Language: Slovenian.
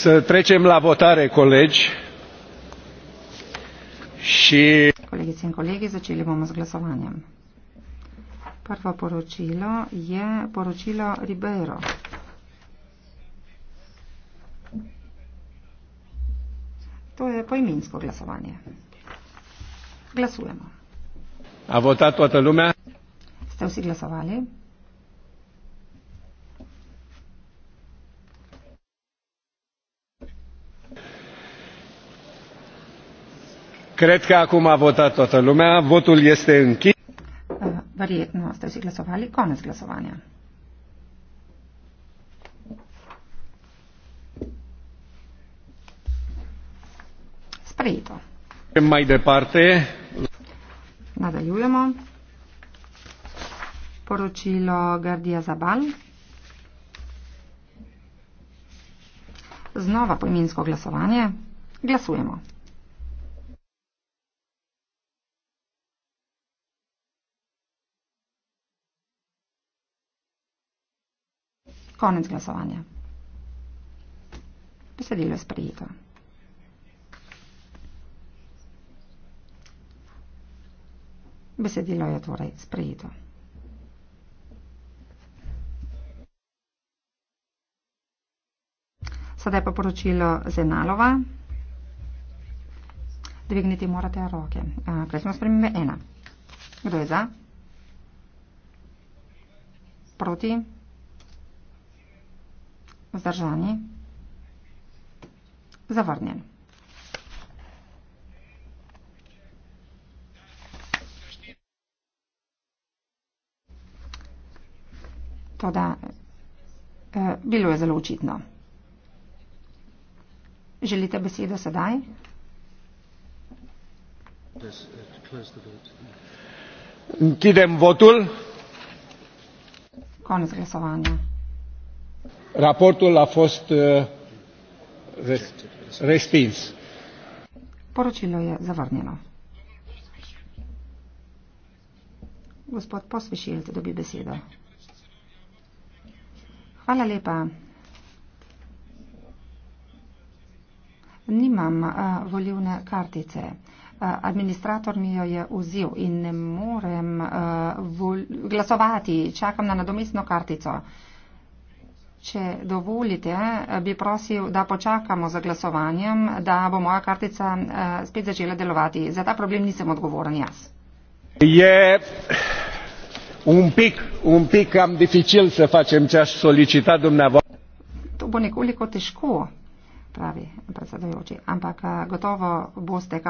să trecem la votare, colegi. Și... Colegi, țin colegii, zăcili vom zglasovanie. Parva porocilo e porocilo Ribeiro. To je poiminsko glasovanje. Glasujemo. A votat toată lumea? Ste vsi glasovali? Eh, verjetno ste vsi glasovali. Konec glasovanja. Sprejeto. Nadaljujemo. Poročilo Gardija Zabal. Znova poimensko glasovanje. Glasujemo. Konec glasovanja. Besedilo je sprejeto. Besedilo je torej sprejeto. Sedaj pa poročilo Zenalova. Dvigniti morate roke. Prejsmo spremembe ena. Kdo je za? Proti? Proti? Vzdržani. Zavrnjen. Toda eh, bilo je zelo očitno. Želite besedo sedaj? Kidem votul. Konec glasovanja raportul a fost uh, respins. Poročilo je zavrnjeno. Gospod Posvešilt dobi besedo. Hvala lepa. Nimam uh, volivne kartice. Uh, administrator mi jo je vzel in ne morem uh, vol glasovati. Čakam na nadomestno kartico. Uh, Če dovolite, bi prosil, da počakamo za glasovanjem, da bo moja kartica eh, spet začela delovati. Za ta problem nisem odgovoren jaz. Je un pik, un pik facem to bo nekoliko težko, pravi predsedujoči, ampak eh, gotovo boste.